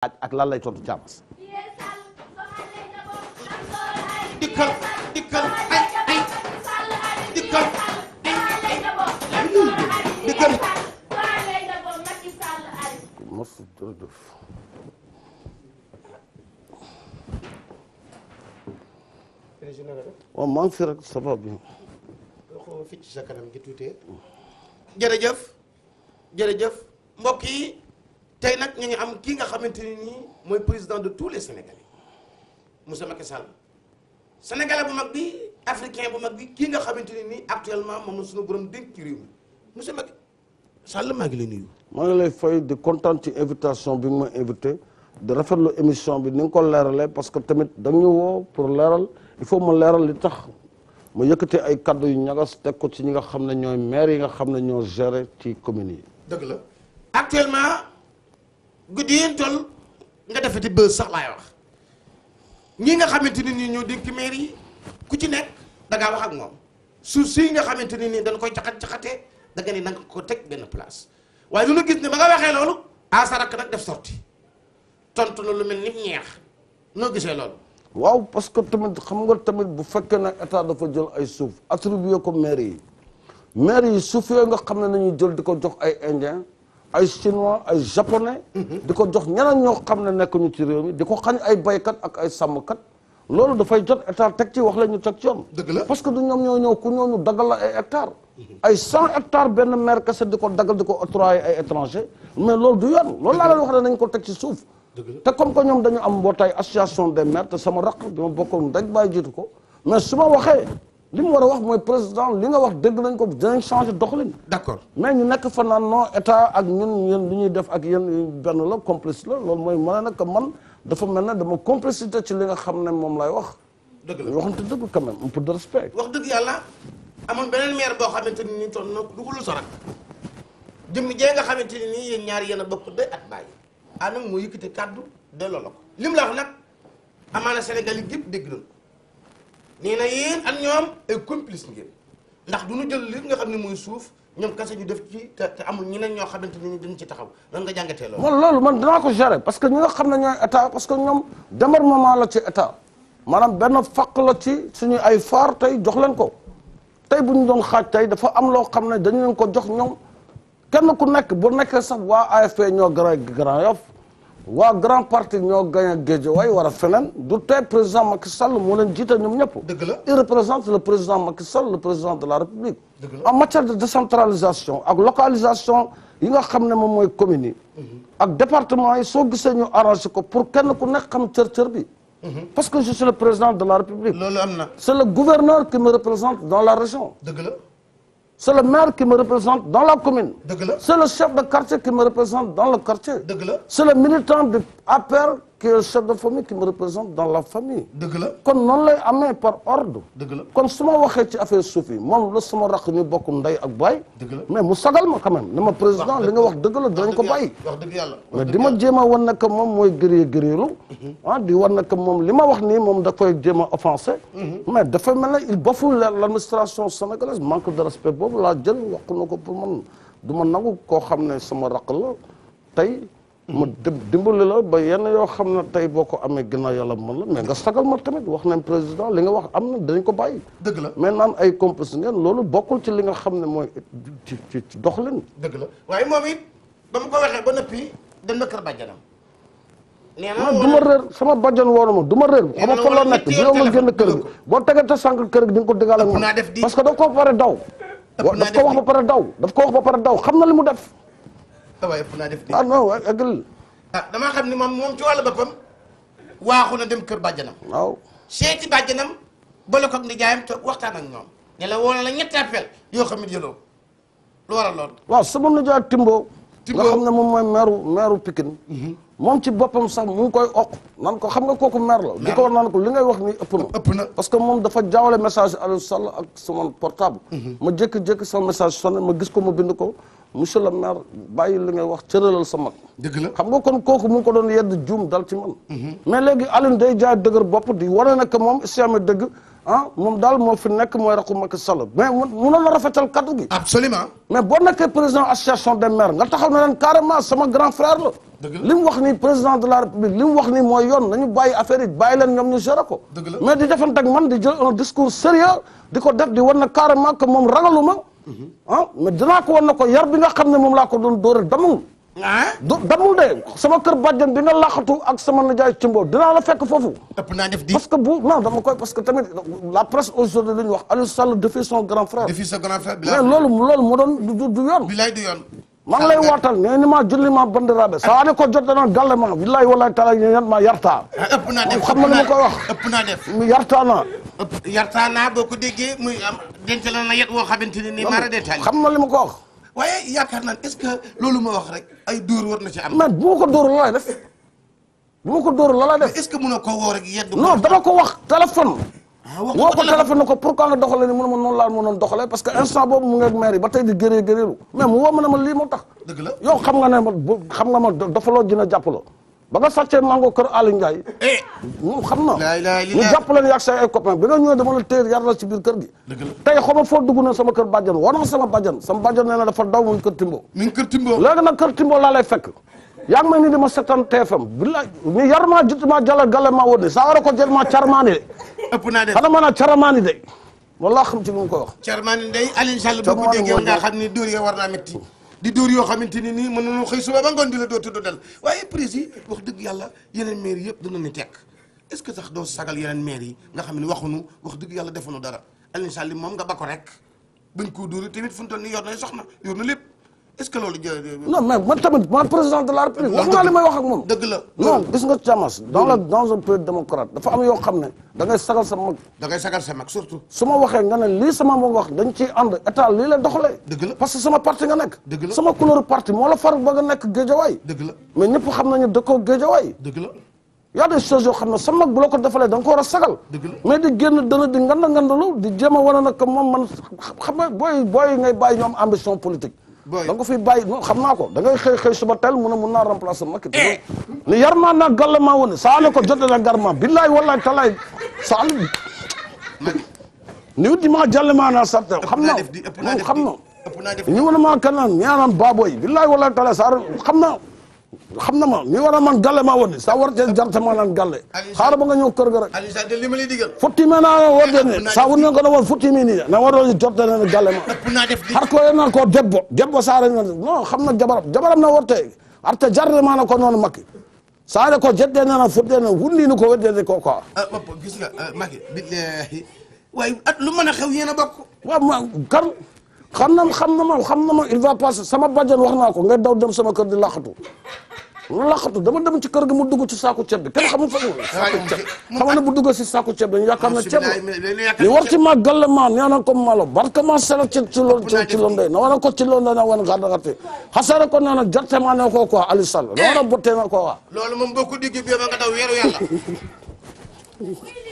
ak lan lay tontu Thiamas. dikkal dikkal ay ay dikkal dikkal. waaw maa ngi fi rek ça va bien. jërëjëf jërëjëf mbokk yi. tey nag ñu ngi am kii nga xamante ni nii mooy président de tous les sénégalais Moussa Macky Sall sénégalais bu mag bi africain bu mag bi kii nga xamante ni nii actuellement moom suñu borom dénk ci réew mi Moussa Macky Sall maa ngi lay nuyu. maa ngi lay fay di kontaan ci invitation bi mu ma invité di rafetlu émission bi ni nga ko leeralee parce que tamit da ñu woo pour leeral il faut ma leeral li tax. ma yëkkati ay kaddu yu ñagas teg ko ci ñi nga xam ne ñooy maire yi nga xam ne ñoo gérer ci communes yi. dëgg la guddi yéen toll nga defati bës sax laay wax ñi nga xamante ni ñoo dénk maire yi ku ci nekk da ngaa wax ak moom suuf si nga xamante ne nii dañ koy caxat caxatee da nga ne na nga ko teg benn place waaye lu nu gis ne ba nga waxee loolu asarak nag def sorti tontu na lu mel ni ñeex noo gisee loolu. waaw parce que tamit xam nga tamit bu fekkee nag état dafa jël ay suuf attribué ko maire yi maire yi suuf yooyu nga xam ne nañuy jël di ko jox ay indien ay chinois ay japonais. di ko jox ñeneen ñoo xam ne nekkuñu ci réew mi di ko xañ ay baykat ak ay sàmmkat. loolu dafay jot hectare teg ci wax la ñu teg ci yoon. dëgg la parce que du ñoom ñoo ñëw ku ñoo ñu dagal la ay hectares. ay cent hectares benn maire kese di ko dagal di ko octroyer ay étranger mais loolu du yoon loolu laa leen wax ne nañ ko teg ci suuf. te comme que ñoom dañu am mbootaay association des maires te sama raq bi ma bokkoon daj bàyyi jiitu ko mais su ma waxee. li mu war a wax mooy président li nga wax dëgg nañ ko dinañ changer doxalin. d'accord mais ñu nekk fa naan non état ak ñun yéen li ñuy def ak yenn benn la complice la loolu mooy ma ne nag man dafa mel ne dama complicité ci li nga xam ne moom lay wax. dëgg la waxante dëgg quand même un peu de respect. wax dëgg yàlla amoon beneen maire boo xamante ni nii toog na duggul sa rak jëmm jee nga xamante ni nii ñaari ñaar yéen a bokk day at bàyyi. ah nag moo yëkkati kàddu delloo la ko lim la wax nag amaana Sénégal yi gépp dégg nañ nee na yéen ak ñoom ay complice ngeen ndax du ñu jël li nga xam ne mooy suuf ñoom kase ñu def ci te amul ñeneen ñoo xamante ne dañ ci taxaw lan nga jàngatee loolu. man loolu man danaa ko gérer parce que ñi nga xam ne ñooy état parce que ñoom démarrement la ci état maanaam benn faq la ci suñu ay faar tey jox leen ko tey bu ñu doon xaaj tey dafa am loo xam ne dañu leen ko jox ñoom kenn ku nekk bu nekkee sax waa AFP ñoo Grand Yoff waa grand parti ñoo gañ a Guédiawaye war a feneen du tey président Macky Sall moo leen jiite ñoom ñëpp. dëgg la il représente le président Macky Sall le président de la République. en matière de décentralisation ak localisation yi nga xam ne moom mooy communes yi. Mhm. ak département yi soo gisee ñu arrangé ko pour kenn ku nekk xam cër-cër bi. Mhm. parce que je suis le président de la République. loolu am na. c'est le gouverneur qui me représente dans la région. la. c'est le maire qui me représente dans la commune. dëgg la c'est le chef de quartier qui me représente dans le quartier. dëgg la c'est le militant de APR qui est chef de famille qui me représente dans la famille. dëgg la kon noonu lay amee par ordre. dëgg la kon su ma waxee ci affaire suuf yi moom la sama rakk ñu bokk ndey ak baay. dëgg la mais mu sagal ma quand même ne ma président li nga wax dëgg la dinañ ko bàyyi. wax dëgg yàlla mais di ma jéem a wan ne que moom mooy gëree gëreelu. Mhm. ah di wan ne que moom li ma wax nii moom da koy jéem a offensé. Mhm. mais dafa mel ne il bafoue l' administration sénégalaise manque de respect boobu laa jël wax na ko pour man du ma nangu koo xam ne sama rakk la tey. ma dimbali la ba yenn yoo xam na tey boo ko amee ginnaaw yàlla mën la mais nga sagal ma tamit wax nañ président li nga wax am na dañ ko bàyyi. dëgg la mais naan ay complice ngeen loolu bokkul ci li nga xam ne mooy ci ci ci doxalin. dëgg la waaye moom it ba mu ko waxee ba nëppi dem na kër bàjjanam. nee ah, du ma réer sama bàjjan woon ma du ma réer. xam nga fan la nekk bi yow ma génn kër gi boo tegante sànq kër gi di nga ko dëggaale ak man parce que daf ko pare daw. daf ko wax ba pare daw daf ko wax ba pare daw xam na li mu def waaye ëpp naa def ah non aggal ah damaa xam ni moom moom ci wàllu boppam waaxu na dem kër bàjjanam waaw seeti bàjjanam bala koog ni jaayam toog waxtaan ak ñoom ne la woo la ñetti appel yoo xam ne jëloo lu waral loolu waaw sa moom na jowaat Timbo nga xam ne moom mooy meeru meeru Pikine mhm. moom ci boppam sax mu ngi koy okk nan ko xam nga kooku mer la di ko war naan ko li ngay wax ni ëpp na parce que moom dafa jaawale message Aliou Sall ak sama portable mhm. ma jékki-jékki sama message sonné ma gis ko ma bind ko monsieur le maire bàyyi li ngay wax cëralal sa mag. dëgg la xam nga kon kooku mu ko doon yedd juum dal ci man. Mhm. mais léegi Alioune day jaay dëgër bopp di wane ne que moom si amee dëgg ah moom daal moo fi nekk mooy rakku Macky Sall mais munoon na rafetal gi. absolument mais boo nekkee président association des maires nga taxaw ne leen carrément sama grand frère la. li mu wax ni président de la république li mu wax ni mooy yoon nañu bàyyi affaire yi bàyyi leen ñoom ñu gérer ko. mais di defante ak man di jël un discours sérieux di ko def di wan ne carrément que moom ah mais dinaa ko wan na ko yar bi nga xam ne moom laa ko doon dóoreel damul ah? damul de sama kër bàjjan bi nga laaxatu ak sama nijaay cimboo dinaa la fekk foofu ëpp naa def di parce que bu non dama koy parce que tamit la presse aujourd'hui dañuy wax Aliou Sall défie son grand frère défie son grand frère mais loolu loolu moo doon du yoon bilaay du yoon maa ngi lay ah, waatal nee ni ma julli ma bandiraaɓe so ane ko joddana galle ma billahi wallahi taala yan ma yarta ah, ëpp naa def xam nga li ma koy wax ëpp naa def yarta naa yarta naa boo ko déggee muy am denc la na yet woo xamante ne nii mara détaillé xam nga li ma ko wax waaye yaakaar naan est-ce loolu ma wax rek ay dóor war na ci am man bu ma ko dóor loola def bu ma ko dóor loola def est a koo woo rek wax téléphone ah, woo ko téléphone na ko pourquoi nga doxale ni mu ma noonu laa mu noon doxale parce que instant boobu mu ngi ak ba tey di gëree mais mu woo ma ne ma lii tax dëgg la yow xam nga ne ma xam na ma dofaloo dina jàppaloo ba nga sàccee mango kër Aliou Ndiaye. Eh. xam na. ñu jàpp leen yàgg say ay copain bi nga ñëwee dama la yar la ci biir kër gi. tey xaw ma foo dugg na sama kër bàjjan war na sama bàjjan sama bàjjan nee na dafa daw moom kër Timbo. mi ngi kër Timbo léegi nag kër Timbo laa lay fekk. yaa ngi may ni di ma seetaan TFM billaay ñu yar maa jut maa jala gale maa woon ne saa war a ko jël maa carmaani de. ëpp naa de xanaa maanaam carmaani de. wallaahi xam ci lu mu koy wax. carmaani de Alioune Sall boo ko déggee nga xam ni naa métti di dóor yoo xamante ni nii mën nañoo xëy suba ba ngoon di la doo tudd dal waaye prise yi wax dëgg yàlla yeneen maire yëpp dana ni tekk est-ce que sax doo sagal yeneen maire yi nga xam ne waxuñu wax dëgg yàlla defuñu dara Alioune Sall moom nga ba ko rek bañ koo dóor tamit fu nii yor na soxna yor na lépp est-ce que loolu non mais man tamit man président de la république wax naa li may wax ak moom dëgg nga Thiamas dans la pays démocrate dafa am yoo xam ne ngay sagal sa mag da surtout su ma waxee nga ne lii sama mag wax dañ ciy ànd état lii la doxalee dëgg parce que sama parti nga nekk dëgg la sama couleur parti moo far ba nga nekk géejawaay dëgg la mais ñëpp xam nañu dëkkoo géejawaay dëgg la y a des choses yoo xam ne sa mag bu la ko defalee da war a sagal mais di génn dana di nganda ngandalu di jéem a wane nag xam nga booy booy ngay politique da nga fi bàyyi xam naa ko da ngay xëy xëy suba tel mun a mun naa remplacer Macky ni eh. yar ma naa gàllama woon saale ko jotee na garma billaay wallaay talaay saal niw di maa jàllema naa sarta xam naa xam na ñu wana maa kanaan ñaanaan baaboy billaay wallaay talaay saar xam naa xam na ma mi war a man galle maa wodde sa war te jarte ma nan galle xaara ba nga ñëw kër ga rek Aliou li ma lay digal fottime naa wodde ne sa ko no won na waroji jotte nen galle ma har ko nan ko debbo debbo saare non xam na jabaram jabaram na worte arte jarde ma na ko noon makki saare ko jedde nana fodde ne hundini ko weddede ko quoi ah, gis nga ah, Macky a a xam na xam na ma xam na ma il va passer sama bàjjan wax naa ko ngay daw dem sama kër di laqatu mu laqatu dama dem ci kër gi mu dugg ci saaku ceeb bi kenn xamul fa saaku ceeb xam na bu dugg si saaku ceeb bi ñu yaakaar na ceeb li war ci ma galle ma nee na ko malo barka ma sela ci ci loolu ci na war ko ci londoy na wan garda ko ko quoi eh! na war a bottee na ko waa loolu